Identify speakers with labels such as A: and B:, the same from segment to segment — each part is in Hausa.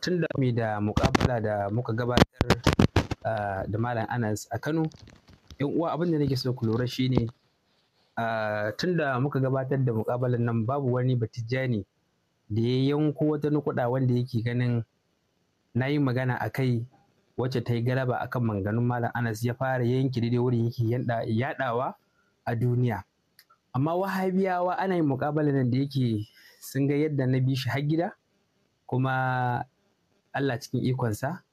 A: tun da mu da mukabala da muka gabatar da malam anas a kano yan uwa abin da nake so ku lura shine tun da muka gabatar da mukabalan nan babu wani batijani da ya yanko wata nukuda wanda yake ganin na yi magana a kai wacce ta yi galaba a kan manganun malam anas ya fara yanki daidai wurin yake yadawa a duniya amma wahabiyawa ana yin mukabalan nan da yake sun ga yadda na bi shi har gida kuma Allah cikin ikonsa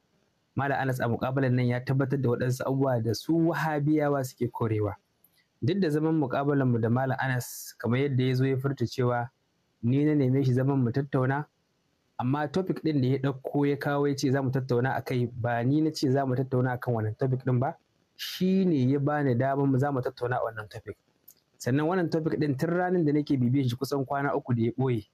A: Malam Anas a muƙabalar nan ya tabbatar da waɗansu abubuwa da su wahabiyawa suke korewa. Duk da zaman muƙabalar mu da Malam Anas kamar yadda ya zo ya furta cewa ni na neme shi zaman mu tattauna amma topic ɗin da ya ɗauko ya kawo ya ce za mu tattauna a kai ba ni na ce za mu tattauna a kan wannan topic ɗin ba shi ne ya bani damar mu za mu tattauna a wannan topic. Sannan wannan topic ɗin tun ranar da nake bibiyar shi kusan kwana uku da ya ɓoye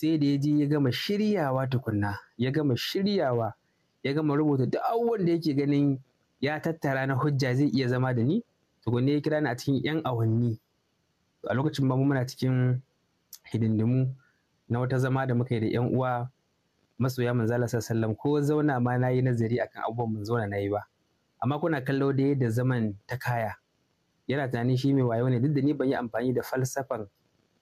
A: sai da ya je ya gama shiryawa tukunna ya gama shiryawa ya gama rubuta duk abubuwan da yake ganin ya tattara na hujja zai iya zama da ni tukunna ya kira ni a cikin yan awanni a lokacin ba muna cikin hidindimu na wata zama da muka yi da yan uwa masoya manzala sallam ko zauna ma na yi nazari akan abubuwan mun zauna na yi ba amma kuna kallo da yadda zaman ta kaya yana tunanin shi mai wayo ne duk da ni ban yi amfani da falsafan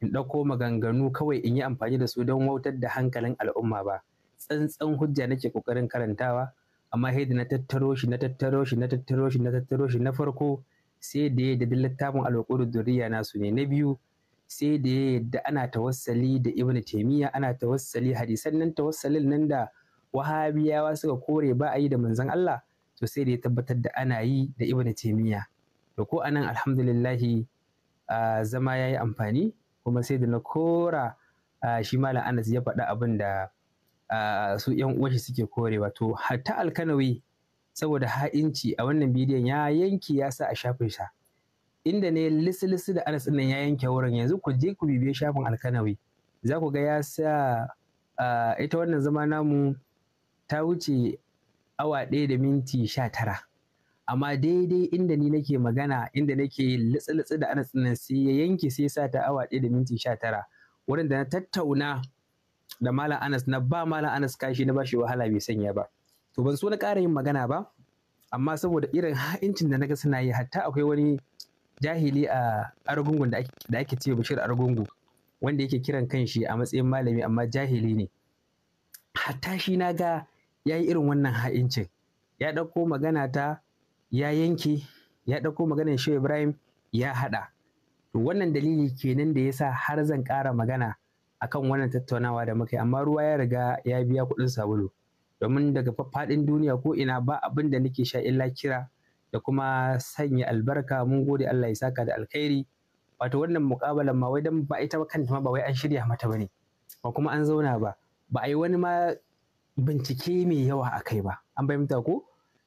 A: in ɗauko maganganu kawai in yi amfani da su don wautar da hankalin al'umma ba tsantsan hujja nake ƙoƙarin karantawa amma sai da na tattaro shi na tattaro shi na tattaro shi na tattaro shi na farko sai da ya da littafin alƙurin duriya nasu ne na biyu sai da ya yadda ana tawassali da ibnu taimiyya ana tawassali hadisan nan tawassalin nan da wahabiyawa suka kore ba a yi da manzon Allah to sai da ya tabbatar da ana yi da ibnu taimiyya to ko anan alhamdulillahi ah, zama ya yi amfani kuma sai da na kora shi malam anas ya faɗi abin da su yan uwashi suke korewa to hatta alkanawi saboda ha'inci a wannan bidiyon ya yanki ya sa a shafin sa inda ne lissi da anas nan ya yanke wurin yanzu ku je ku bibiye shafin alkanawi za ku ga ya sa ita wannan zama namu ta wuce awa ɗaya da minti sha tara amma daidai inda ni nake magana inda nake litsi-litsi da anas nan sai ya yanke sai sa ta awa ɗaya da minti sha tara wurin da na tattauna da malam anas na ba malam anas kashi na bashi wahala bai sanya ba to ban so na ƙara yin magana ba amma saboda irin ha'incin da naga suna yi hatta akwai wani jahili a argungun da ake ce bashir argungu wanda yake kiran kanshi a matsayin malami amma jahili ne hatta shi na ga ya yi irin wannan ha'incin ya ɗauko magana ta ya yanke ya ɗauko maganar shehu ibrahim ya haɗa wannan dalili kenan da ya sa har zan ƙara magana akan wannan tattaunawa da muka yi amma ruwa ya riga ya biya kuɗin sabulu domin daga faɗin duniya ko ina ba abin da nake sha illa kira da kuma sanya albarka mun gode Allah ya saka da alkhairi wato wannan muƙabalan ma wai dan ba ita ba kanta ma ba wai an shirya mata ba ne ba kuma an zauna ba ba a yi wani ma bincike mai yawa a kai ba an bayyanta ko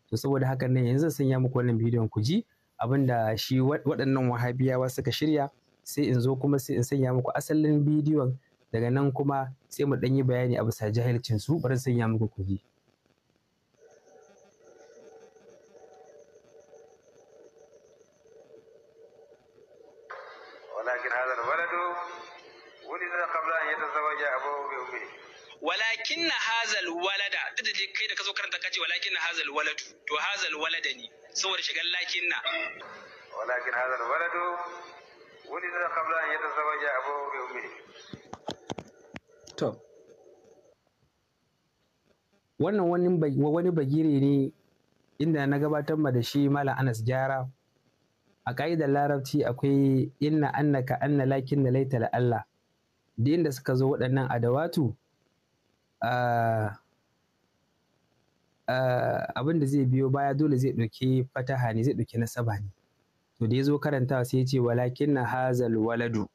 A: to saboda haka ne yanzu sanya muku wannan bidiyon ku ji abinda shi waɗannan wahabiyawa suka shirya sai in zo kuma sai in sanya muku asalin bidiyon daga nan kuma sai mu ɗan yi bayani a bisa jahilcin su bari sanya muku ku ji ولد قبل أن يتزوج duk da kai da karanta kace walakin to ne saboda lakin na da wannan wani wani bagire ne inda na gabatar ma da shi mala anas jara a ka'idar larabci akwai inna annaka anna lakin da laita Allah din da suka zo waɗannan adawatu abin da zai biyo baya dole zai ɗauki fataha ne zai ɗauki nasaba ne to da ya zo karantawa sai ya ce walakin na hazal waladu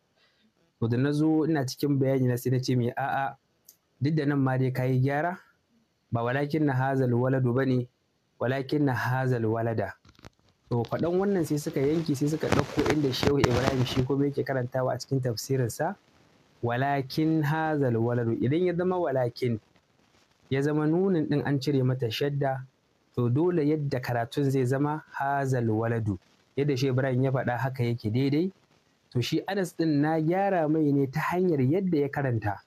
A: to da na zo ina cikin bayani na sai na ce mai a'a duk da nan ma dai kayi gyara ba walakin na hazal waladu ba ne walakin na hazal walada to faɗan wannan sai suka yanki sai suka ɗauko inda shehu ibrahim shi kuma yake karantawa a cikin tafsirinsa walakin hazal waladu idan ya zama walakin ya zama nunin din an cire mata shadda to dole yadda karatun zai zama hazal waladu yadda shi ibrahim ya faɗa haka yake daidai to shi anas din na gyara mai ne ta hanyar yadda ya karanta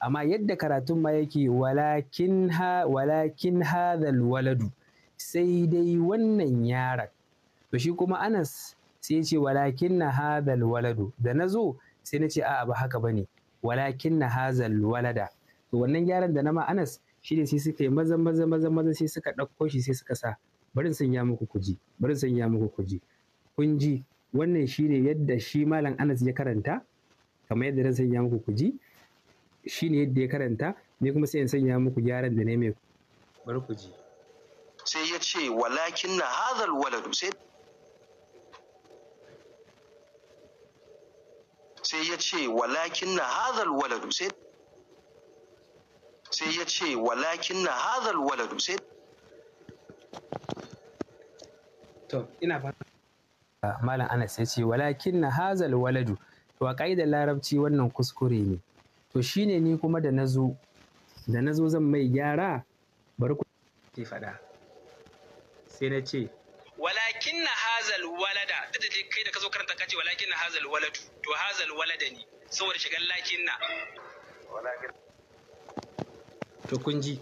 A: amma yadda karatun ma yake walakin ha walakin hazal waladu sai dai wannan yaron to shi kuma anas sai ya ce walakin na hazal waladu da na zo sai na ce a'a ba haka bane walakin na hazal walada to wannan gyaran da na ma anas shi ne sai suka yi maza maza maza maza sai suka ɗauko shi sai suka sa barin sanya muku kuji barin sanya muku kuji kun ji wannan shi ne yadda shi malam anas ya karanta kamar yadda zan sanya muku kuji shi ne yadda ya karanta ne kuma sai in sanya muku gyaran da ne mai bar kuji sai ya ce walakin na hazal waladu sai sai ya ce walakin na hazal waladu sai sai ya ce walakin na hadhal waladu sai to ina ba malam Anas ya ce walakin na hazal waladu to a ƙa'idar larabci wannan kuskure ne to shine ni kuma da na zo da na zo zan mai gyara bari ku ke faɗa sai na ce hazal walada duk da kai da ka zo karanta kace walakin na hazal waladu to hazal walada ne saboda shigan lakin na to kun ji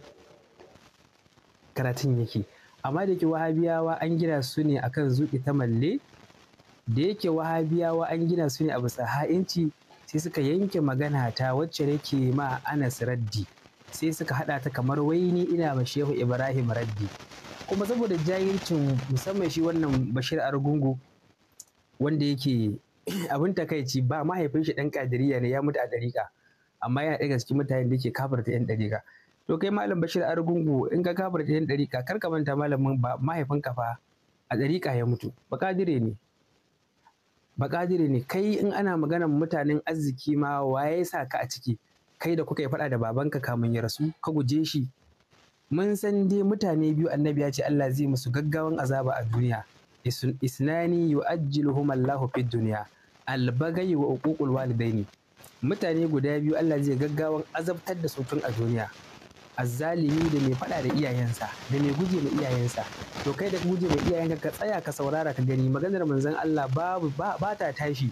A: karatun yake amma da yake wahabiyawa an gina su ne akan zuki ta malle da yake wahabiyawa an gina su ne a bisa ha'inci sai suka yanke magana ta wacce nake ma anas raddi sai suka haɗa ta kamar waini ina ma shehu ibrahim raddi kuma saboda jahilcin musamman shi wannan bashir argungu wanda yake abin takaici ba mahaifin shi dan kadiriya ne ya mutu a dariƙa amma yana daga cikin mutanen da yake kafarta yan dariƙa to kai malam bashir argungu in ka kafarta yan dariƙa kar ka manta malamin ba mahaifinka fa a dariƙa ya mutu kadire ne kadire ne kai in ana maganar mutanen arziki ma waye sa ka a ciki kai da kuka yi faɗa da babanka kamun ya rasu ka guje shi mun san dai mutane biyu annabi ya ce Allah zai musu gaggawan azaba a duniya isnani yu'ajjiluhum Allahu fid dunya albagai wa uququl walidaini mutane guda biyu Allah zai gaggawan azabtar da su tun a duniya azzalimi da mai faɗa da iyayensa da mai guje ma iyayensa to kai da guje ma iyayenka ka tsaya ka saurara ka gani maganar manzon Allah babu ba ta tashi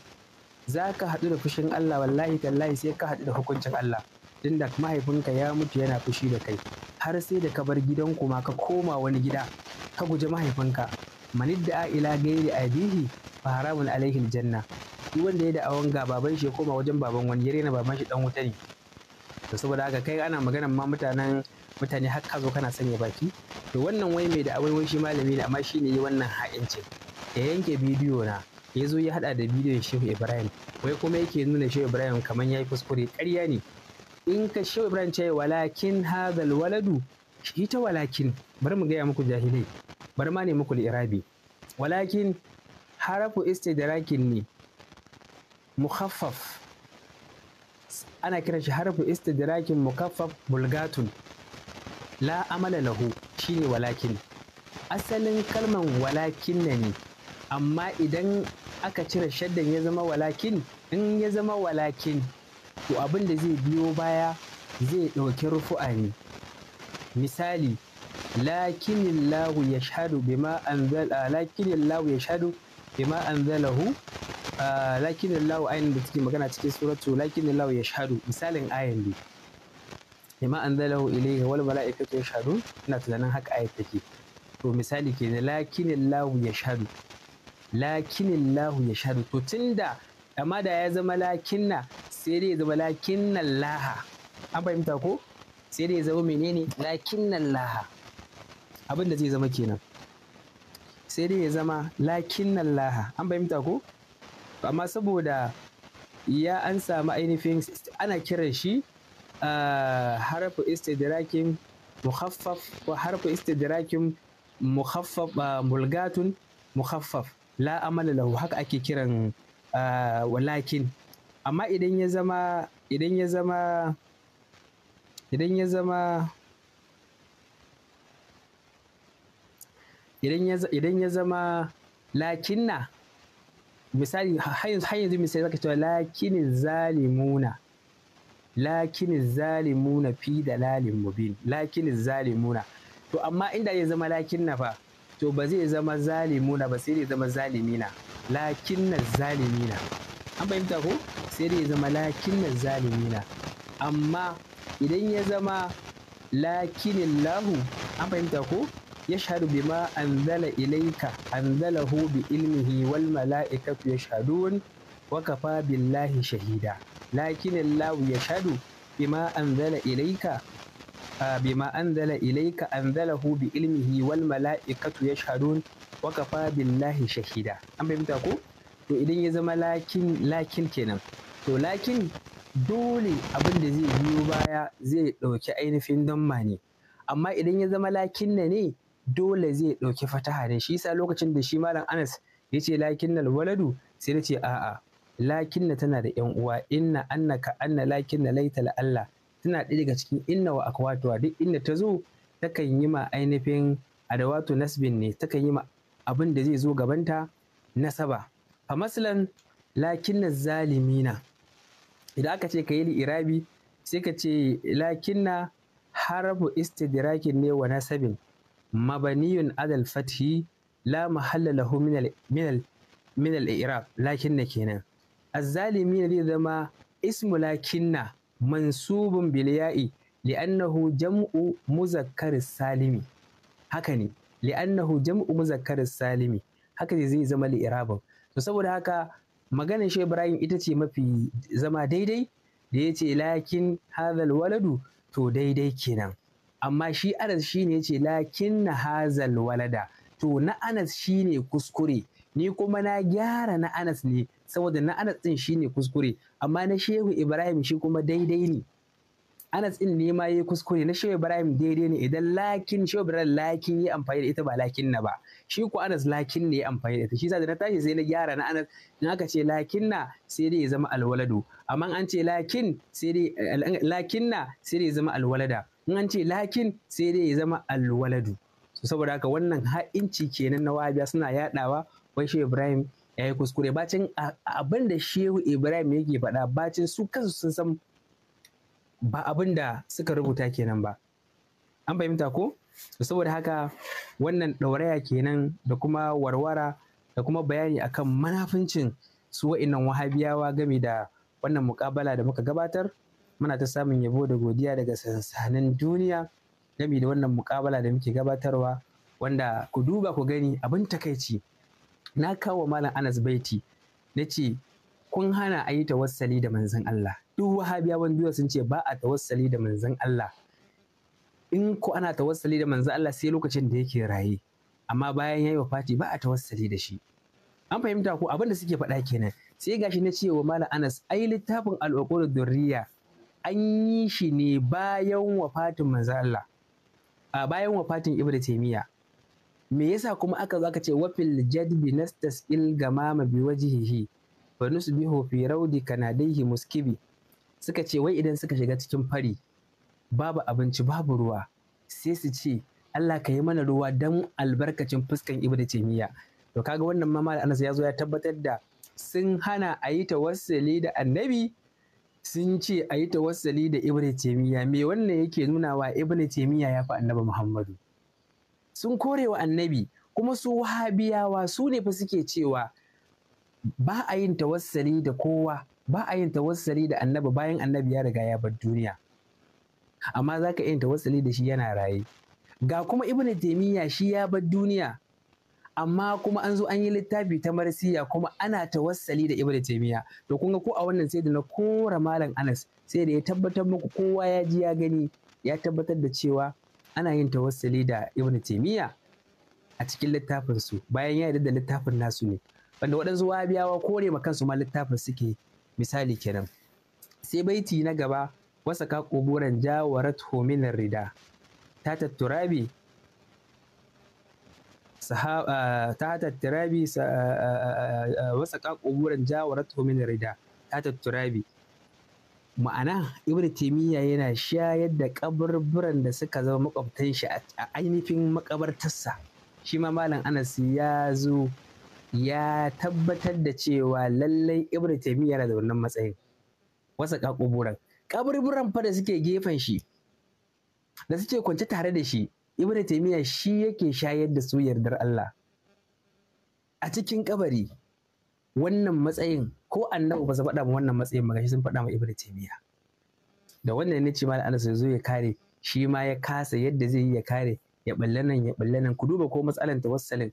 A: za ka haɗu da fushin Allah wallahi tallahi sai ka haɗu da hukuncin Allah tunda mahaifinka ya mutu yana fushi da kai har sai da ka bar gidanku ma ka koma wani gida ka guji mahaifinka manidda ila gairi abihi fa haramun alaihi janna duk wanda ya da'awan ga baban shi ya koma wajen baban wani ya rena baban shi dan wuta ne to saboda haka kai ana maganar ma mutanen mutane har ka zo kana sanya baki to wannan wai mai da'awai wai shi malami ne amma ne yi wannan ha'incin ya yanke bidiyo na ya zo ya hada da bidiyon shehu ibrahim wai kuma yake nuna shehu ibrahim kamar ya yi kuskure ƙarya ne in ka shi ibrahim ce walakin hadal waladu shi ta walakin bari mu gaya muku jahilai bari ma ne muku irabi walakin harafu istidrakin ne mukhaffaf ana kiran shi harafu istidrakin mukhaffaf bulgatun la amala lahu shine walakin asalin kalman walakin na ne amma idan aka cire shaddan ya zama walakin in ya zama walakin to abin da zai biyo baya zai ɗauki rufu'a ne misali lakinin lahu ya shaɗu bima anzala ah, lakinin lahu ya shahadu bima hu. Ah, lakinin lahu ayin da take magana cikin suratu lakinin lahu ya shaɗu misalin ayan ne bima anzalahu ilayhi wal mala'ikatu shaɗu. ina tunanin haka ayat take to misali kenan lakinin lahu ya shaɗu. lakinin lahu ya shaɗu to tunda amma da ya zama lakinna sai dai ya zama lakinnan laha an fahimta ko sai dai ya zama menene lakinnan laha abin da zai zama kenan sai dai ya zama lakinnan laha an fahimta ko amma saboda ya an samu ainihin ana kiran shi ah, harfu istidrakin mukhaffaf ko harfu istidrakin mukhaffaf ah, mulgatun mukhaffaf la amala lahu haka ake kiran Ah, walakin amma idan ya zama idan ya zama idan ya zama idan ya zama lakinna misali har yanzu misali zaka cewa lakinin zalimuna lakinin zalimuna fi dalalin mubin lakinin zalimuna to amma inda ya zama lakinna fa to ba zai zama zalimuna ba sai zai zama zalimina lakin zalimina an fahimta ko sai dai ya zama lakin zalimina amma idan ya zama lakinin lahu an fahimta ko yashhadu bima an zala hu bi ilmihi wal mala'ikatu yashhadun wa kafa billahi shahida lakinin lahu ya yashhadu bima anzala ilayka بما أنزل إليك أنزله mala'ikatu والملائكة يشهدون wakafa billahi shahida an fahimta ko to idan ya zama lakin lakin kenan to lakin dole abin da zai biyo baya zai ɗauki ainihin damma ne amma idan ya zama lakin na ne dole zai ɗauki fataha ne shi yasa lokacin da shi malam anas ya ce lakin na waladu sai ya ce a'a lakin na tana da yan uwa inna annaka anna lakin na laita la Allah tana ɗaya daga cikin inna wa akwatuwa duk inda ta zo takan yi ma ainihin adawatu nasbin ne takan yi ma abin da zai zo gabanta nasaba fa maslan lakinna zalimina idan aka ce ka yi irabi sai ka ce lakinna harabu istidrakin ne wa nasabin mabaniyun adal fathi la mahalla lahu min al i'rab lakinna kenan na zai zama ismu lakinna mansubun bilya'i biliya'i, li'annahu jam'u muzakkar salimi haka ne li'annahu jam'u muzakkar salimi haka zai zama li'irabin to saboda haka maganar shi ibrahim ita ce mafi zama daidai da yace lakin hazal waladu to daidai kenan amma shi anas shi ne ce lakin na hazal walada to na anas shi ne kuskure ni kuma na gyara na anas ne saboda na anas din shi ne kuskure amma na shehu ibrahim shi kuma daidai ne anas ɗin ne ma yi kuskure na shehu ibrahim daidai ne idan lakin shehu ibrahim lakin yi amfani da ita ba lakin na ba shi ko anas lakin ne ya amfani da ita shi sa da na tashi sai na gyara na anas in aka ce lakin na sai dai ya zama alwaladu amma an ce lakin sai dai lakin na sai dai ya zama alwalada in an ce lakin sai dai ya zama alwaladu saboda haka wannan ha'inci kenan na wabiya suna yaɗawa wai shehu ibrahim ya yi kuskure bacin abin shehu ibrahim yake faɗa bacin su kansu sun san ba abin da suka rubuta kenan ba an fahimta ko saboda haka wannan ɗauraya kenan da kuma warwara da kuma bayani akan manafincin su wa'innan wahabiyawa game da wannan mukabala da muka gabatar muna ta samun yabo da godiya daga sansanin duniya game da wannan mukabala da muke gabatarwa wanda ku duba ku gani abin takaici na kawo malam anas baiti na ce kun hana a yi tawassali da manzon Allah duk wahabiyawan duniya sun ce ba a tawassali da manzan Allah in ko ana tawassali da manzan Allah sai lokacin da yake raye amma bayan ya wa wafati ba a tawassali da shi an fahimta ko abin da suke faɗa kenan sai gashi na cewa malam Anas ai littafin al durriya an yi shi ne bayan wafatin manzan Allah a bayan wafatin Ibn Taymiyyah me yasa kuma aka zo aka ce wafil jadbi nastasqil gamama bi wajihihi fa nusbihu fi raudi kanadaihi muskibi suka ce wai idan suka shiga cikin fari babu abinci babu ruwa sai su ce Allah ka yi mana ruwa don albarkacin fuskan ce miya to kaga wannan mama da Anas ya zo ya tabbatar da sun hana a yi tawassali da annabi sun ce a yi tawassali da ce miya me wannan yake nunawa ibnu taymiya ya fi annabi Muhammadu sun korewa annabi kuma su wahabiyawa su ne fa suke cewa ba a yin tawassali da kowa ba a yin tawassali da annabi bayan annabi ya riga ya bar duniya amma za ka yin tawassali da shi yana raye ga kuma ibnu taimiyya shi ya bar duniya amma kuma an zo an yi littafi ta marsiya kuma ana tawassali da ibnu taimiyya to kun ga ko a wannan sai da na kora malam anas sai da ya tabbatar muku kowa ya ji ya gani ya tabbatar da cewa ana yin tawassali da ibnu taimiyya a cikin su bayan ya yarda da littafin nasu ne wanda waɗansu wahabiyawa kore ma kansu ma littafin suke misali kenan sai baiti na gaba wasa ka kuburan jawarat hominar rida ta bi ta bi wasa ka kuburan jawarat hominar rida ta bi ma'ana ibn taimiyya yana shayar da kaburburan da suka zama makwabtan shi a ainihin makabartarsa shi ma malam anas ya zo ya tabbatar da cewa lallai ibn taimiyya yana da matsayin wasa kakuburan kaburburan fa da suke gefen shi da suke kwance tare da shi ibn taimiyya shi yake shayar da su yardar Allah a cikin kabari wannan matsayin ko annabi ba su faɗa ma wannan matsayin ba shi sun faɗa ma ibn taimiyya da wannan ne ce malam Anas ya zo ya kare shi ma ya kasa yadda zai yi ya kare ya balle nan ya balle nan ku duba ko matsalan tawassalin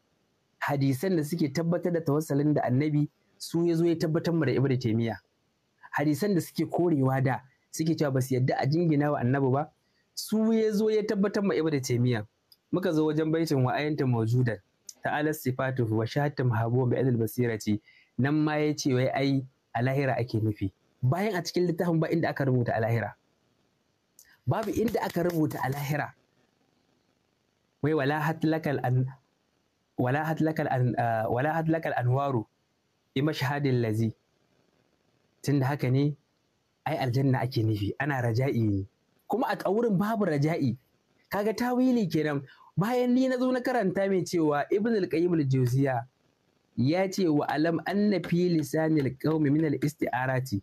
A: hadisan da suke tabbatar da tawassalin da annabi su ya zo ya tabbatar da ibnu taimiya hadisan da suke korewa da suke cewa basu su yadda a jingina wa annabi ba su ya zo ya tabbatar ma ibnu taimiya muka zo wajen baitin wa ayanta ta ta'ala sifatu wa shahatum habu bi basira basirati nan ma ya ce wai ai a lahira ake nufi bayan a cikin littafin ba inda aka rubuta a lahira babu inda aka rubuta a lahira wai wala hatlakal an wala hadlakal an anwaru ima shahadin lazi tunda haka ne ai aljanna ake nufi ana raja'i ne kuma a wurin babu raja'i kaga tawili kenan bayan ni na zo na karanta mai cewa ibn al-qayyim al ya ce wa alam anna fi lisanil qaumi min al-isti'arati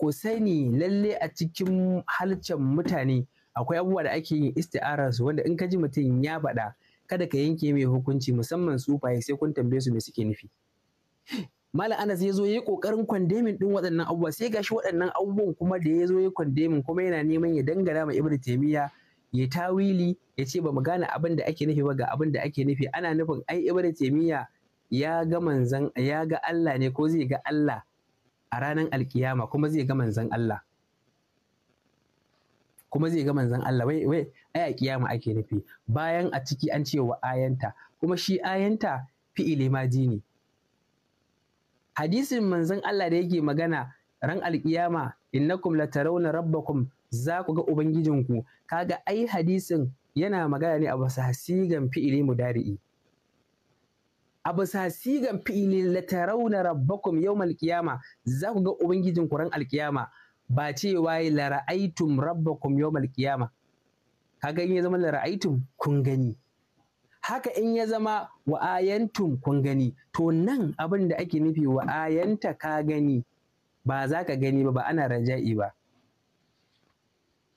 A: ko sani lalle a cikin halcin mutane akwai abubuwa da ake yin isti'ararsu wanda in ka ji mutum ya faɗa kada ka yanke mai hukunci musamman sufaye sai kun tambaye su me suke nufi Malam Anas ya zo ya yi kokarin kwandemin ɗin waɗannan abubuwa sai gashi waɗannan abubuwan kuma da ya zo ya kwandemin kuma yana neman ya dangana ma Ibn Taymiyyah ya tawili ya ce ba mu gane abin da ake nufi ba ga abin da ake nufi ana nufin ai Ibn Taymiyyah ya ga manzan ya ga Allah ne ko zai ga Allah a ranar alkiyama kuma zai ga manzan Allah kuma zai ga manzan Allah wai wai ai a kiyama ake nufi bayan a ciki an ce wa ayanta kuma shi ayanta fi'ili maji ne hadisin manzan Allah da yake magana ran alkiyama innakum latarawna rabbakum za ku ga ubangijinku kaga ai hadisin yana magana ne a bisa sigan fi'ili mudari'i a bisa sigan fi'ili latarawna rabbakum yawmal qiyama za ku ga ubangijinku ran alkiyama ba ce waye lara'aitum rabbakum yawmal qiyama kaga in ya zama lara'aitum kun gani haka in ya zama wa'ayantum kun gani to nan abin da ake nufi wa'ayanta ka gani ba za ka gani ba ba ana raja'i ba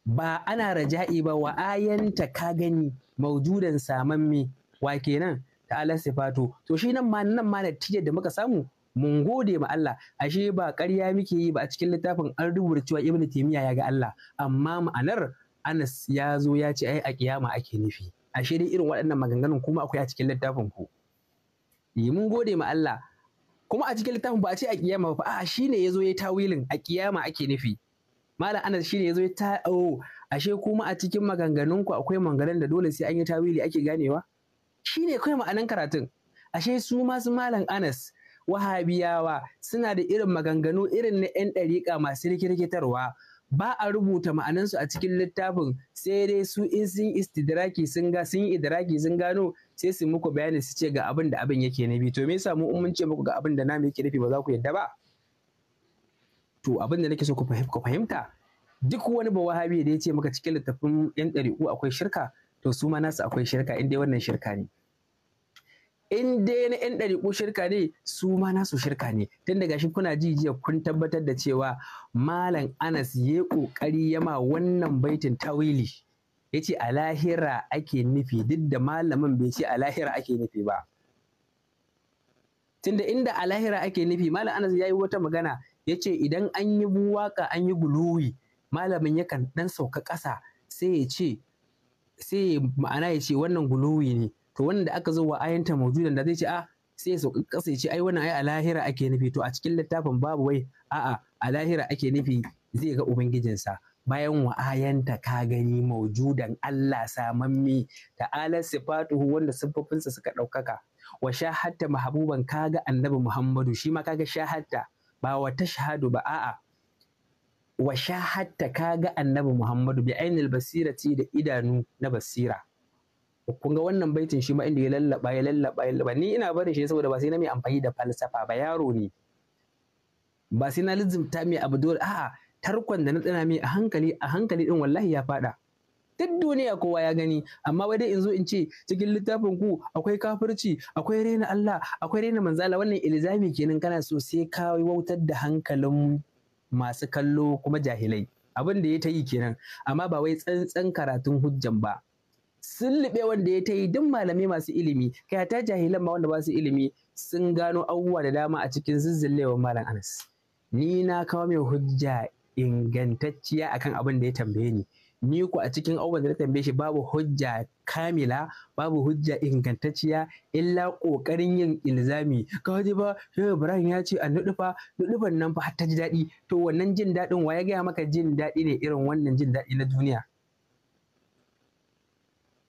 A: ba ana raja'i ba wa'ayanta ka gani maujudan samamme wa kenan ta ala to shi nan ma nan ma natijar da muka samu mun gode ma Allah ashe ba ƙarya muke yi ba a cikin littafin an rubuta cewa Ibn Taymiyyah ya ga Allah amma ma'anar Anas ya zo ya ce ai a kiyama ake nufi ashe dai irin waɗannan maganganun kuma akwai a cikin littafin ku yi eh, mun gode ma Allah kuma a cikin littafin ba a ce a kiyama ba a'a shine ya zo ya tawilin a kiyama ake nufi malam Anas shine ya zo ya ta oh ashe kuma a cikin maganganun ku akwai maganganun da dole sai an yi tawili ake ganewa shine kai ma'anan karatun ashe su masu malam Anas wahabiyawa suna da irin maganganu irin na 'yan ɗariƙa masu rikirkitarwa ba a rubuta ma'anansu a cikin littafin sai dai su in sun istidiraki sun ga sun yi idiraki sun gano sai su muku bayani su ce ga abin da abin yake nabi to me yasa mu in mun ce muku ga abin da namu yake nufi ba za ku yadda ba to abin da nake so ku fahimta duk wani ba wahabi da ya ce maka cikin littafin yan ɗari'u akwai shirka to su ma nasu akwai shirka in dai wannan shirka ne in dai na 'yan ɗariƙo shirka ne su ma nasu shirka ne tun daga shi kuna ji jiya kun tabbatar da cewa malam anas ya ƙoƙari ya wannan baitin tawili ya ce a lahira ake nufi duk da malamin bai ce a lahira ake nufi ba tunda inda a lahira ake nufi malam anas ya yi wata magana ya ce idan an yi buwaka an yi guluwi malamin yakan ɗan sauka ƙasa sai ya ce sai ma'ana ya ce wannan guluwi ne to wanda aka zo wa ayanta maujudan da zai ce a ah, sai ya sauka ce ai wannan ai a lahira ake nufi to a cikin littafin babu wai a'a a lahira ake nufi zai ga ubangijinsa bayan wa'ayanta ka gani maujudan Allah samammi alas sifatuhu wanda siffofinsa suka ɗaukaka wa shahatta mahabuban kaga annabi Muhammadu shi ma kaga shahatta ba wa ta shahadu ba a'a wa shahatta kaga annabi Muhammadu bi ainil basirati da idanu na basira kun ga wannan baitin shi ma inda ya lallaba ya lallaba ya lallaba ni ina barin shi saboda ba sai na mai amfani da falsafa ba yaro ne ba sai na lizimta mai abu dole a'a tarkon da na tsana mai a hankali a hankali din wallahi ya fada duk duniya kowa ya gani amma wai dai in zo in ce cikin littafin ku akwai kafirci akwai rena Allah akwai rena manzala wannan ilzami kenan kana so sai ka wautar da hankalin masu kallo kuma jahilai abin da ya ta yi kenan amma ba wai tsantsan karatun hujjan ba Sun liɓe wanda ya ta yi duk malamai masu ilimi kai ta jahilan ma wanda ba ilimi sun gano abubuwa da dama a cikin zuzzullewar malam anas ni na kawo mai hujja ingantacciya akan abin da ya tambaye ni ni ku a cikin abubuwan da na tambaye shi babu hujja kamila babu hujja ingantacciya illa kokarin yin ilzami ka waje ba shehu ibrahim ya ce a nudufa nudufan nan fa har ta ji daɗi to wannan jin daɗin wa ya gaya maka jin daɗi ne irin wannan jin daɗi na duniya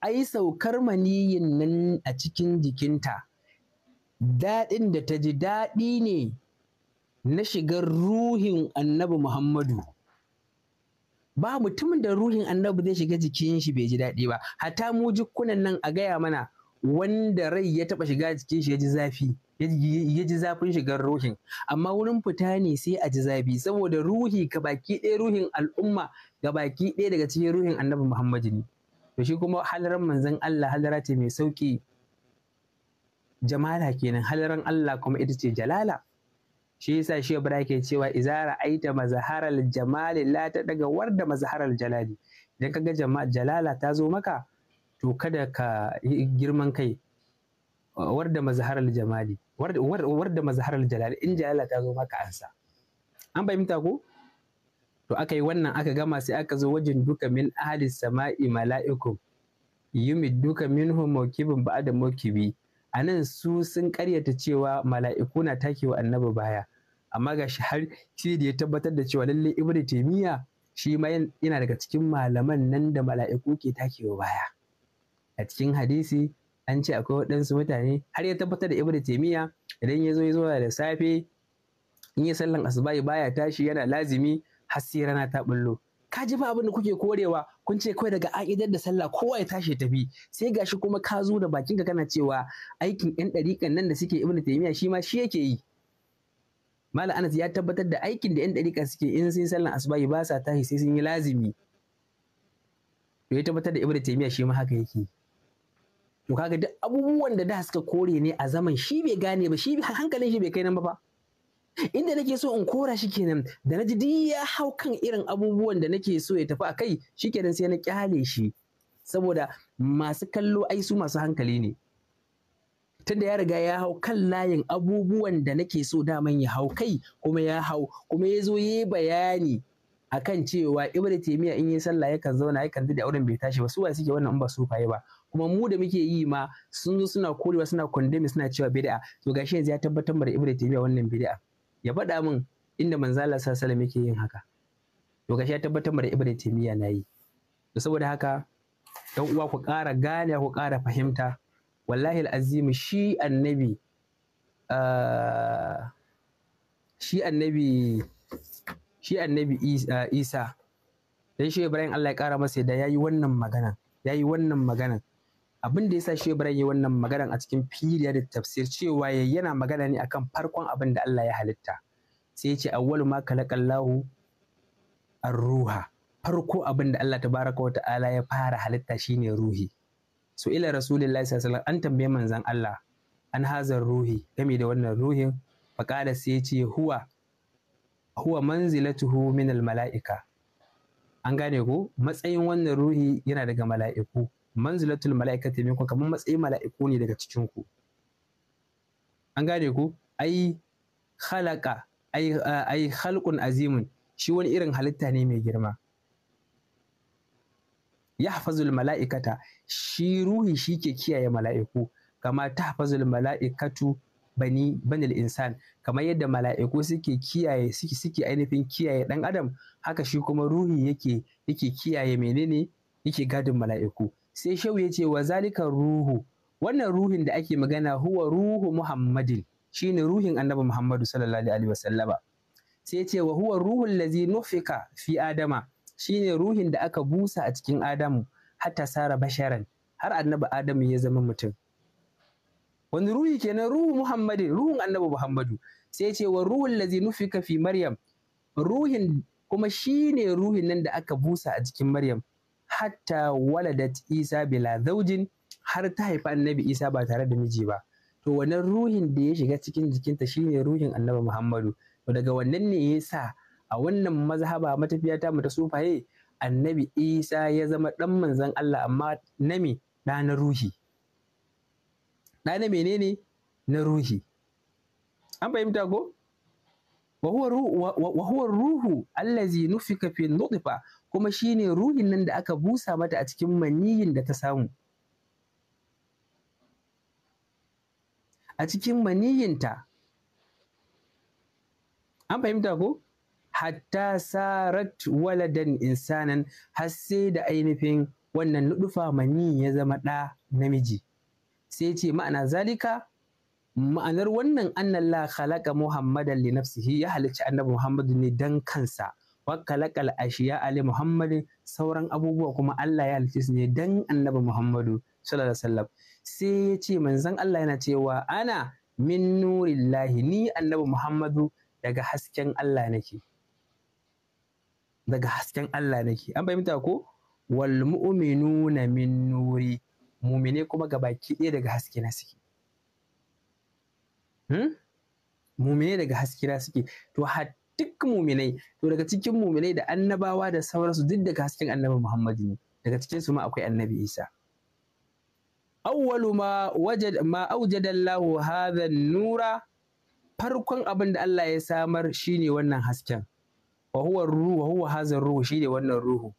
A: ai saukar maniyin nan a cikin jikinta daɗin da ta ji daɗi ne na shigar ruhin annabi Muhammadu. Ba mutumin da ruhin annabi zai shiga jikin shi bai ji daɗi ba, hata mu jikunan nan a gaya mana wanda rai ya taɓa shiga jikin shi ya ji zafi, ya ji zafin shigar ruhin. Amma wurin fita ne sai a ji zafi, saboda ruhi ka baki ɗaya ruhin al'umma ga baki ɗaya daga cikin ruhin annabi Muhammadu ne. to shi kuma halaran manzon Allah halara ce mai sauki jamala kenan halaran Allah kuma ita ce jalala shi yasa shi Ibrahim ke cewa izara aita mazharal jamali la ta daga warda mazharal jalali idan kaga jalala ta zo maka to kada ka girman kai warda mazharal jamali warda mazharal jalali in jalala ta zo maka ansa an fahimta ko to aka yi wannan aka gama sai aka zo wajen duka min ahalis sama'i mala'ikum yumid duka minhum ba ba'da mokibi, a nan su sun karyata cewa mala'iku na wa annabi baya amma ga shi har shi da ya tabbatar da cewa lalle ibnu taimiyya shi ma yana daga cikin malaman nan da mala'iku ke wa baya a cikin hadisi an ce akwai waɗansu mutane har ya tabbatar da ibnu taimiyya idan ya zo ya zo da safe in ya sallan asuba baya tashi yana lazimi har sai rana ta bullo ka ji ba abin da kuke korewa kun ce kawai daga a'idar da sallah kowa ya tashi tafi sai gashi kuma ka zo da bakinka kana cewa aikin yan ɗariƙan nan da suke ibnu taymiya shi ma shi yake yi malam anas ya tabbatar da aikin da yan ɗariƙa suke in sun sallan asubahi ba sa tashi sai sun yi lazimi to ya tabbatar da ibnu taymiya shi ma haka yake to kaga duk abubuwan da da suka kore ne a zaman shi bai gane ba shi hankalin shi bai kai nan ba inda nake so in kora shi kenan da na ji duk ya hau kan irin abubuwan da nake so ya tafi a kai shi kenan sai na kyale shi saboda masu kallo ai su masu hankali ne tunda ya riga ya hau kan layin abubuwan da nake so daman ya hau kai kuma ya hau kuma ya zo yi bayani akan cewa ibrahim taymiya in yi sallah yakan zauna yakan da auren bai tashi ba su wa suke wannan in ba su faye ba kuma mu da muke yi ma sun zo suna korewa suna condemn suna cewa bid'a to gashi yanzu ya tabbatar da ibrahim taymiya wannan bid'a ya faɗa min inda manzala sallallahu yake yin haka to gashi ya tabbatar da ibnu taymiya nayi to saboda haka dan uwa ku ƙara gane ku ƙara fahimta wallahi al'azimi ah, shi annabi shi annabi shi annabi isa dan shi ibrahim allah ya ƙara masa da yayi wannan magana yayi wannan magana abin da ya sa shi Ibrahim ya wannan maganan a cikin filiya da tafsir cewa yana magana ne akan farkon abin da Allah ya halitta sai ce awwalu ma khalaqallahu ar-ruha farko abin da Allah tabaraka wa ta'ala ya fara halitta shine ruhi so ila rasulullahi sallallahu alaihi wasallam an tambaye manzon Allah an hazar ruhi game da wannan ruhin faqala sai ya ce huwa huwa manzilatuhu min al-mala'ika an gane ko matsayin wannan ruhi yana daga mala'iku manzilatul mala'ikati minkum kamar matsayin mala'iku ne daga cikin ku an gane ku ai khalaqa ai eh, ai khalqun azimun shi wani irin halitta ne mai girma yahfazul mala'ikata shi ruhi shi ke kiyaye mala'iku kama tahfazul mala'ikatu bani banil insan kamar yadda mala'iku suke kiyaye suke suke ainihin kiyaye dan adam haka shi kuma ruhi yake yake kiyaye menene yake gadin mala'iku sai shehu ya ce wa zalika ruhu wannan ruhin da ake magana huwa ruhu muhammadin shine ruhin annabi muhammadu sallallahu alaihi wasallama sai ce wa huwa ruhul lazi nufika fi adama shine ruhin da aka busa a cikin adamu hatta sara basharan har annabi adamu ya zama mutum wani ruhi kenan ruhu muhammadin ruhun annabi muhammadu sai ce wa ruhul lazi nufika fi maryam ruhin kuma shine ruhin nan da aka busa a cikin maryam hatta waladat isa bila zaujin har ta haifi annabi isa ba tare da miji ba to wannan ruhin da ya shiga cikin jikinta shine ruhin annabi muhammadu to daga wannan ne ya sa a wannan mazhaba matafiya ta mu ta sufaye annabi isa ya zama dan manzon allah amma na me na na ruhi na na menene na ruhi an fahimta ko wa huwa ruhu allazi nufika fi nutfa kuma shi ne ruhin nan da aka busa mata a cikin maniyin da ta samu a cikin maniyinta an fahimta ko hatta sarat waladan insanan har sai da ainihin wannan nudufa mani ya zama ɗa namiji sai ce ma'ana zalika ma'anar wannan annan la khalaqa muhammadan li nafsihi ya halicci annabi muhammadu ne don kansa wakalakal ashiya ali muhammadin sauran abubuwa kuma Allah ya halice su ne dan annabi muhammadu sallallahu alaihi wasallam sai ya ce manzon Allah yana cewa ana min nurillahi ni annabi muhammadu daga hasken Allah nake daga hasken Allah nake an bayyana ko wal mu'minuna min nuri mumine kuma gabaki ɗaya daga haske na suke hmm? mumine daga haske na suke to hatta duk muminai to daga cikin muminai da annabawa da sauransu duk daga hasken annabi Muhammadu ne daga cikin su ma akwai annabi Isa awwalu ma wajad ma awjada Allahu hadha nura farkon abin da Allah ya samar shine wannan hasken wa huwa ruhu wa huwa hadha ruhu shine wannan ruhu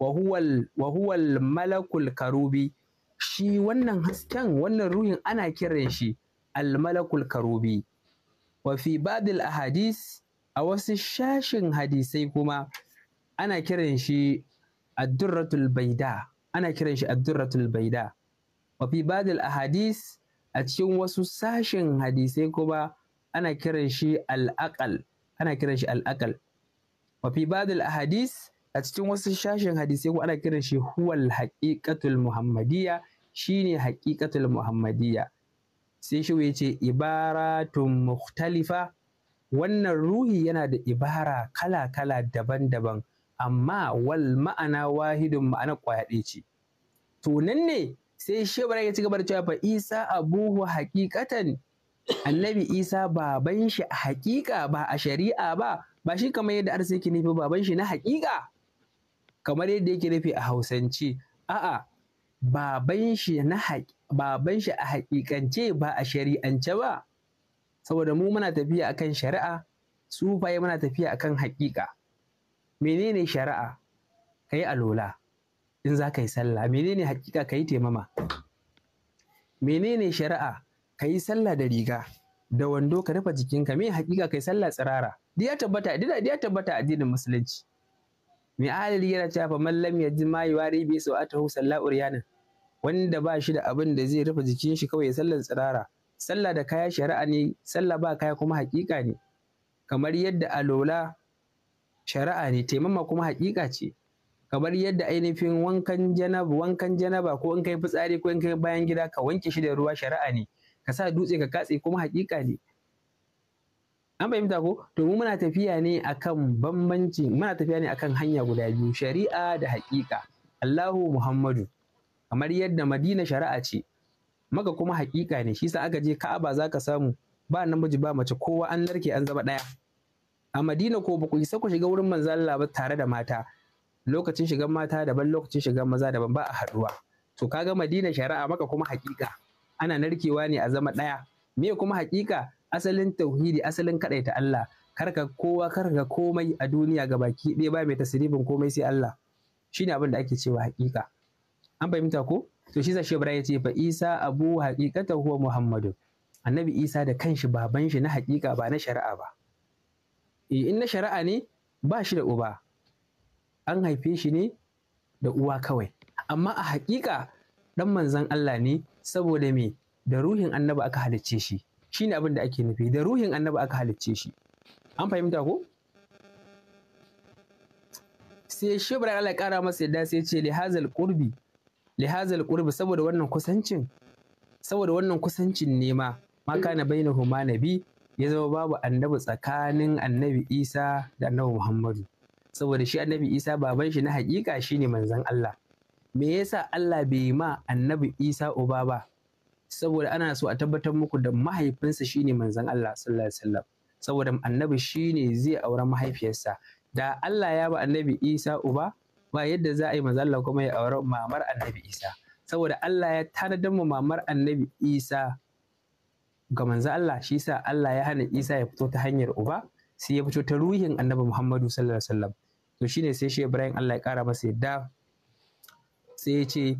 A: wa huwa wa huwa malakul karubi shi wannan hasken wannan ruhin ana kiran shi al malakul karubi wa fi badil ahadis a wasu shashin hadisai kuma ana kiran shi addurratul baida ana kiran shi addurratul baida wa fi badil ahadis a cikin wasu sashin hadisai kuma ana kiran shi al'aqal ana kiran shi al'aqal wa fi badil ahadis a cikin wasu sashin hadisai kuma ana kiran shi huwal haqiqatul muhammadiyya shine haqiqatul muhammadiyya sai shi ya ce ibaratun mukhtalifa wannan ruhi yana da ibara kala-kala daban-daban amma wal ma'ana wahidun ma'ana kwaya ce to ne sai shebara ya ci gaba da cewa fa isa abuhu haƙiƙatan annabi isa baban shi a haƙiƙa ba a shari'a ba ba shi kamar yadda arsa yake nufi baban shi na haƙiƙa kamar yadda yake nufi a hausance a'a baban shi baban shi a haƙiƙance ba a shari'ance ba saboda mu muna tafiya akan shari'a su faye muna tafiya akan hakika menene shari'a ka yi alola in za ka yi sallah menene hakika ka yi taimama menene shari'a ka yi sallah da riga da wando ka rufe jikinka me hakika ka yi sallah tsirara ya tabbata ya tabbata addinin musulunci mai ahalari yana cewa fa man lam yaji ma yuwari bi sa'atahu sallah uryanan wanda ba shi da abin da zai rufe jikin shi kawai sallan tsirara sallah da kaya shari'a ne sallah ba kaya kuma haƙiƙa ne kamar yadda alola shari'a ne taimama kuma hakika ce kamar yadda ainihin wankan janaba wankan janaba ko in kai fitsari ko in kai bayan gida ka wanke shi da ruwa shari'a ne ka sa dutse ka katse kuma haƙiƙa ne an fahimta ko to mu muna tafiya ne akan bambanci muna tafiya ne akan hanya guda biyu shari'a da haƙiƙa Allahu Muhammadu kamar yadda Madina shari'a ce maka kuma hakika ne shi sa aka je ka'aba za ka samu ba namiji ba mace kowa an narke an zama ɗaya a madina ko ba ku isa ku shiga wurin manzo Allah ba tare da mata lokacin shigan mata daban lokacin shigan maza daban ba a haɗuwa to kaga madina shari'a maka kuma hakika. ana narkewa ne a zama ɗaya me kuma hakika? asalin tauhidi asalin ta Allah karka kowa karka komai a duniya ga baki ɗaya ba mai tasirin komai sai Allah Shi ne abin da ake cewa hakika. an fahimta ko to shi zai shebra ya ce fa isa abu haqiqatan huwa muhammadu annabi isa da kanshi baban shi na haƙiƙa ba na shari'a ba eh, in na shari'a ne ba shi da uba an haife shi ne da uwa kawai amma a haƙiƙa ɗan manzan Allah ne saboda me da ruhin annabi aka halicce shi shine abin da ake nufi da ruhin annabi aka halicce shi an fahimta ko sai shebra ala ya kara masa yadda sai ce li hazal qurbi lihazal qurbi saboda wannan kusancin saboda wannan kusancin ne ma kana na bainahuma nabi ya zama babu annabi tsakanin annabi Isa da annabi Muhammadu saboda shi annabi Isa baban shi na hakika shine manzon Allah me yasa Allah bai ma annabi Isa uba ba saboda ana so a tabbatar muku da mahaifinsa shine manzon Allah sallallahu alaihi wasallam saboda annabi shine zai aure mahaifiyarsa da Allah ya ba annabi Isa uba ba yadda za a yi mazalla kuma ya aure mamar annabi isa saboda allah ya tanadar mu mamar annabi isa ga manzo allah shi sa allah ya hana isa ya fito ta hanyar uba sai ya fito ta ruhin annabi muhammadu sallallahu alaihi wasallam to shine sai shi ibrahim allah ya kara masa yadda sai ya ce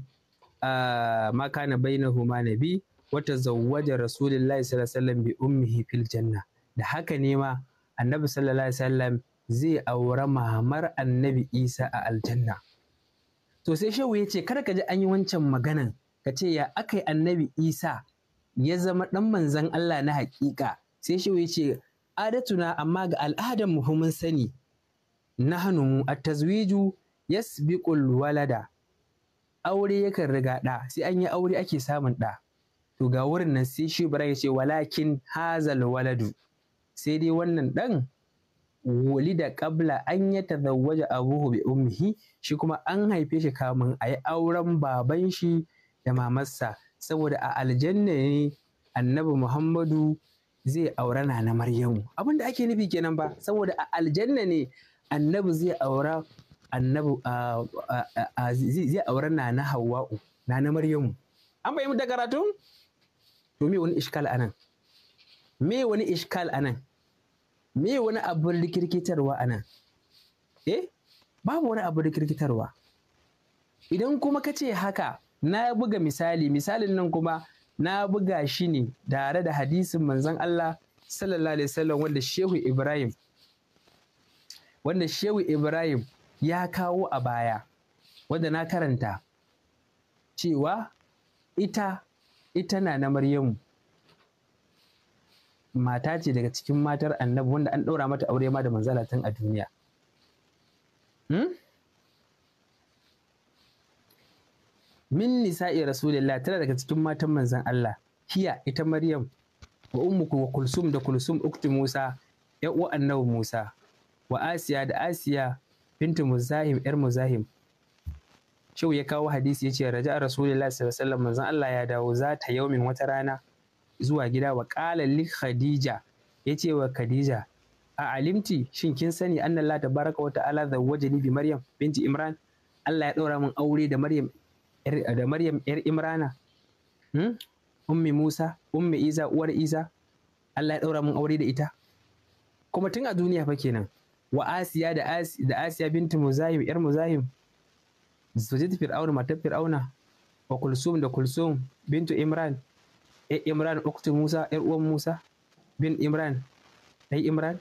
A: ah, ma kana bainahuma nabi wata zawwaja rasulullahi sallallahu alaihi wasallam bi ummihi fil janna da haka ne ma annabi sallallahu alaihi wasallam zai aura mamar annabi isa a aljanna to sai shehu ya ce kar ka ji an yi wancan maganan ka ce ya aka yi annabi isa ya zama ɗan manzan allah na haƙiƙa sai shehu ya ce adatuna amma ga al'adar mu mun sani nahnu a tazwiju yasbiqul walada aure yakan riga ɗa sai an yi aure ake samun ɗa to ga wurin nan sai shi bara ya ce walakin hazal waladu sai dai wannan ɗan da ƙabla, an a abuhu bi ummihi shi kuma an haife shi kamun a yi auren baban shi da mamarsa saboda a aljanna ne annabi muhammadu zai aura na na maryamu abin da ake nufi kenan ba saboda a aljanna ne annabi zai aura annabi zai aura na na hawa'u na na maryamu an fahimta karatun to me wani iskal anan me wani iskal anan me wani abin rikirkitarwa a nan eh babu wani abin rikirkitarwa idan kuma ka ce haka na buga misali misalin nan kuma na buga shi ne tare da hadisin manzon Allah sallallahu alaihi wasallam wanda Shehu Ibrahim wanda Shehu Ibrahim ya kawo a baya wanda na karanta cewa ita ita na na Maryamu mata ce daga cikin matar annabi wanda an ɗaura mata aure ma da manzala tun a duniya hmm? min nisa'i rasulillah tana daga cikin matan manzan Allah hiya ita maryam wa ummuku wa kulsum da kulsum ukti musa ya uwa annabi musa wa asiya da asiya bintu muzahim yar muzahim Shehu ya kawo hadisi ya ce raja'a rasulillah sallallahu alaihi wasallam manzan Allah ya dawo za ta min wata rana zuwa gida wa qala li khadija ce wa khadija a alimti shin kin sani anna Allah tabaraka wa ta'ala zawwajani bi maryam binti imran Allah ya ɗora min aure da maryam er, da maryam yar imrana hmm? ummi musa ummi isa uwar isa Allah ya ɗora min aure da ita kuma tun a duniya fa kenan wa asiya da asiya da asiya binti muzahim yar muzahim sujud fir'auna matar fir'auna wa kulsum da kulsum bintu imran ya imran ukti musa yar uwan musa bin imran ai imran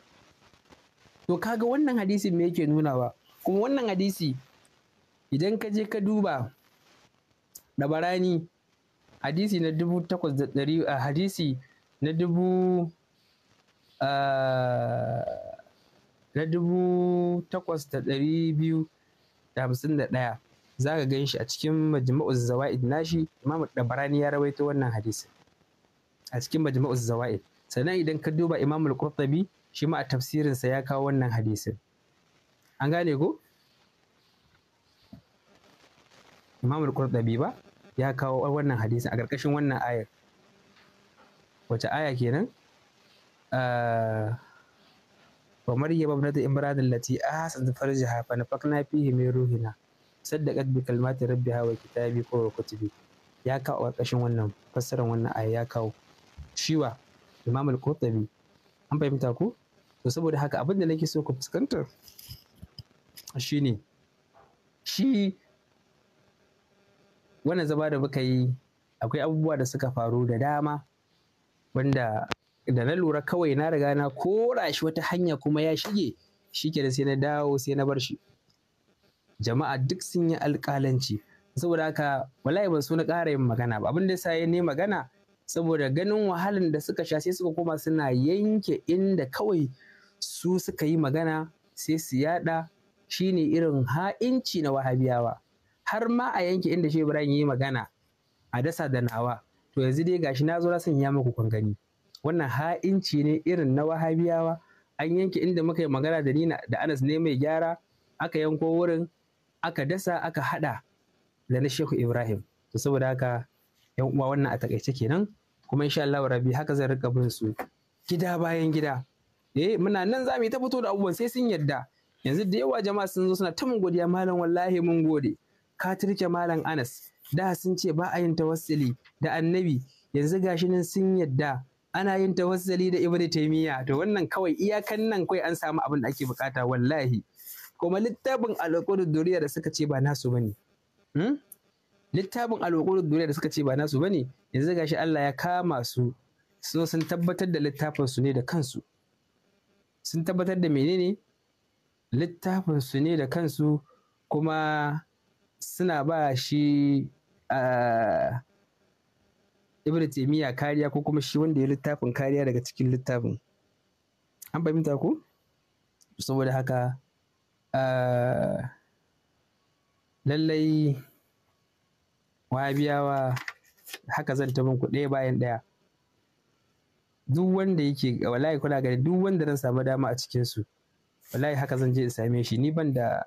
A: to kaga wannan hadisin me yake nunawa kuma wannan hadisi idan ka je ka duba da barani hadisi na dubu takwas da ɗari a hadisi na dubu na dubu takwas da ɗari biyu da hamsin da ɗaya za ka gan shi a cikin majma'uz zawa'id nashi imam barani ya rawaito wannan hadisin a cikin majma'uz zawaid sannan idan ka duba imam al qurtabi shi ma a tafsirinsa ya kawo wannan hadisin an gane ko imam al qurtabi ba ya kawo wannan hadisin a ƙarƙashin wannan ayar wace aya kenan ah, wa maryam ibnatu imran allati ahsanat farjaha fa nafakna fihi min ruhina saddaqat bi kalmati rabbiha wa kitabi ko kutubi ya kawo ƙarƙashin wannan fassarar wannan aya ya kawo shiwa imam al-qurtubi an fahimta ku to saboda haka abin da nake so ku fuskanta shine shi wannan zama da muka yi akwai abubuwa da suka faru da dama wanda da na lura kawai na riga na kora shi wata hanya kuma ya shige shi ke da sai na dawo sai na bar shi jama'a duk sun yi alƙalanci saboda haka wallahi ban so na ƙara yin magana ba abin da sa ya ne magana saboda ganin wahalan da suka sha sai suka koma suna yanke inda kawai su suka yi magana sai su yada shine irin ha'inci na wahabiyawa har ma a yanke inda shi ibrahim yi magana a dasa da nawa to yanzu dai gashi na zo na sanya muku kun gani wannan ha'inci ne irin na wahabiyawa an yanke inda muka yi magana da ni da anas ne mai gyara aka yanko wurin aka dasa aka hada da na shehu ibrahim to saboda haka yan uwa wannan a takaice kenan kuma insha Allah rabi haka zan rika bin su gida bayan gida eh muna nan za mu ta fito da abubuwan sai sun yadda yanzu da yawa jama'a sun zo suna ta mun godiya malam wallahi mun gode ka turke malam Anas da sun ce ba a yin tawassuli da annabi yanzu gashi nan sun yadda ana yin tawassali da ibnu taymiya to wannan kawai iyakan nan kai an samu abin da ake bukata wallahi kuma littafin alƙur'an duriya da suka ce ba nasu bane hmm? littafin alwakurin duniya da suka ce ba nasu bane yanzu gashi Allah ya kama su sun sun tabbatar da littafin su ne da kansu sun tabbatar da menene littafin su ne da kansu kuma suna ba shi ibn taimiyya kariya ko kuma shi wanda ya littafin kariya daga cikin littafin an fahimta ko saboda haka lallai wahabiyawa haka zan tabin ku ɗaya bayan ɗaya duk wanda yake wallahi kuna gani duk wanda zan samu dama a cikin su wallahi haka zan je in same shi ni ban da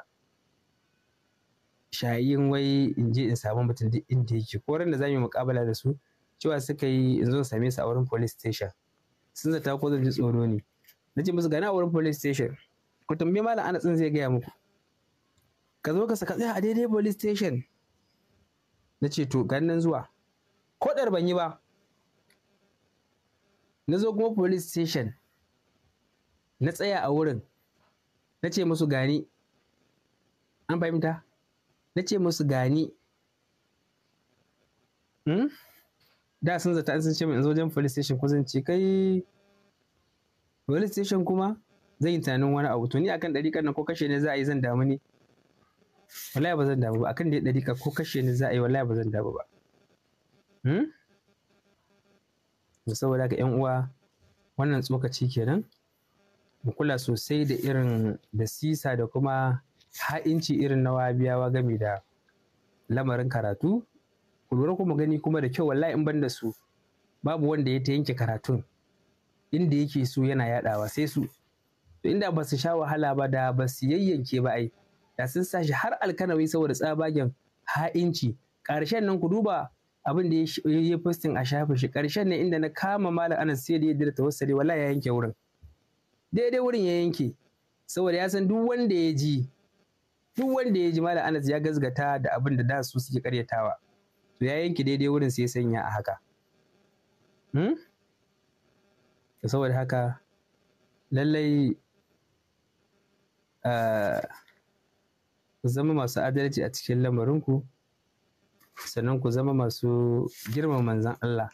A: shayin wai in je in samu mutum duk inda yake ko ran da zamu mukabala da su cewa suka yi in zo same su a wurin police station sun zata ko zan ji tsoro ne na ce musu gana a wurin police station ku tambaye malam tsin zai gaya muku ka zo ka saka tsaya a daidai police station na ce to nan zuwa ko ɗar ban yi ba na zo kuma police station na tsaya a wurin na ce musu gani an fahimta na ce musu gani hmm? da sun zata an sun ce min zo wajen police station ko zan ce kai police station kuma zan yi tunanin wani abu to ni akan ɗariƙar nan ko kashe ne za a yi zan damu ne wallahi ba zan damu ba akan da ka, ko kashe ni za a yi wallahi ba zan damu ba hmm? saboda ga 'yan uwa wannan tsokaci kenan mu kula sosai da irin da sisa da kuma ha'inci irin na wabiyawa game da lamarin karatu ku lura kuma gani kuma da kyau wallahi in ban da su babu wanda ya ta yanke karatun inda yake su yana yadawa sai su inda ba su sha wahala ba da ba su yayyanke ba ai da sun sa shi har alkanawi saboda tsabagen ha'inci ƙarshen nan ku duba abin da ya yi postin a shafin shi ƙarshen nan inda na kama malam anas sai da yadda tawassali wallahi ya yanke wurin daidai wurin ya yanke saboda ya san duk wanda ya ji duk wanda ya ji malam anas ya gazgata da abin da da su suke karyatawa to ya yanke daidai wurin sai ya sanya a haka hmm? saboda haka lallai ah, ku zama masu adalci a cikin lamarinku sannan ku zama masu girman manzan Allah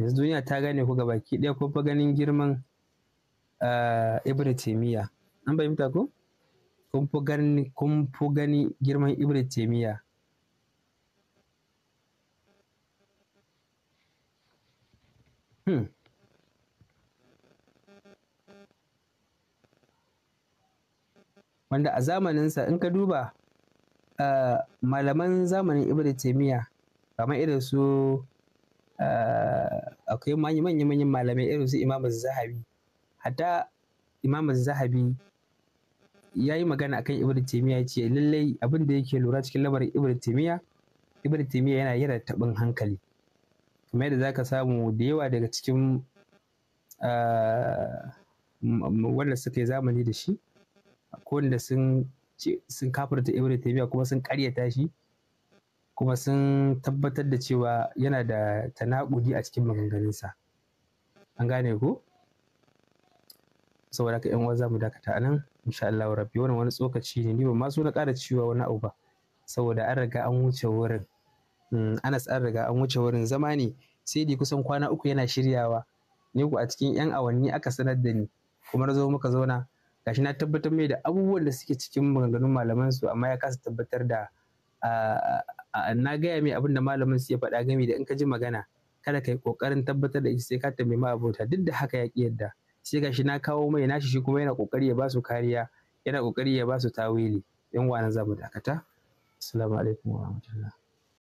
A: yanzu duniya ta gane ku gabaki ɗaya ko fa ganin girman ah, ibn taimiyya an fahimta ko kun fi gani kun fi gani girman ibn hmm. wanda a zamaninsa in ka duba Eh, malaman zamanin ibn taimiya kamar irin su eh, akwai manyan manyan malamai irin su imam zahabi hatta imam zahabi ya yi magana akan ibn taimiya ya ce lallai abin da yake lura cikin lamarin ibn taimiya ibn taimiya yana yana taɓin hankali kamar yadda zaka samu da yawa daga cikin eh, wanda suka yi zamani da shi ko wanda sun sun kafirta ibn taymiya kuma sun karyata shi kuma sun tabbatar da cewa yana da tanakudi a cikin maganganunsa an gane ko saboda ka yan uwa zamu dakata anan insha Allah rabbi wannan wani tsokaci ne ni ba ma so na ƙara cewa wani abu ba saboda an riga an wuce wurin hmm, Anas an riga an wuce wurin zama ne sai dai kusan kwana uku yana shiryawa ni ku a cikin yan awanni aka sanar da ni kuma na zo muka zauna gashi na tabbatar mai da abubuwan da suke cikin maganganun malaman su amma ya kasa tabbatar da na gaya mai abin da malamin su ya faɗa game da in ka ji magana kada ka yi ƙoƙarin tabbatar da ita sai ka tambayi abota duk da haka ya ƙi yadda sai gashi na kawo mai nashi shi kuma yana ƙoƙari ya ba su kariya yana ƙoƙari ya ba su tawili yan wani zamu dakata assalamu alaikum wa rahmatullah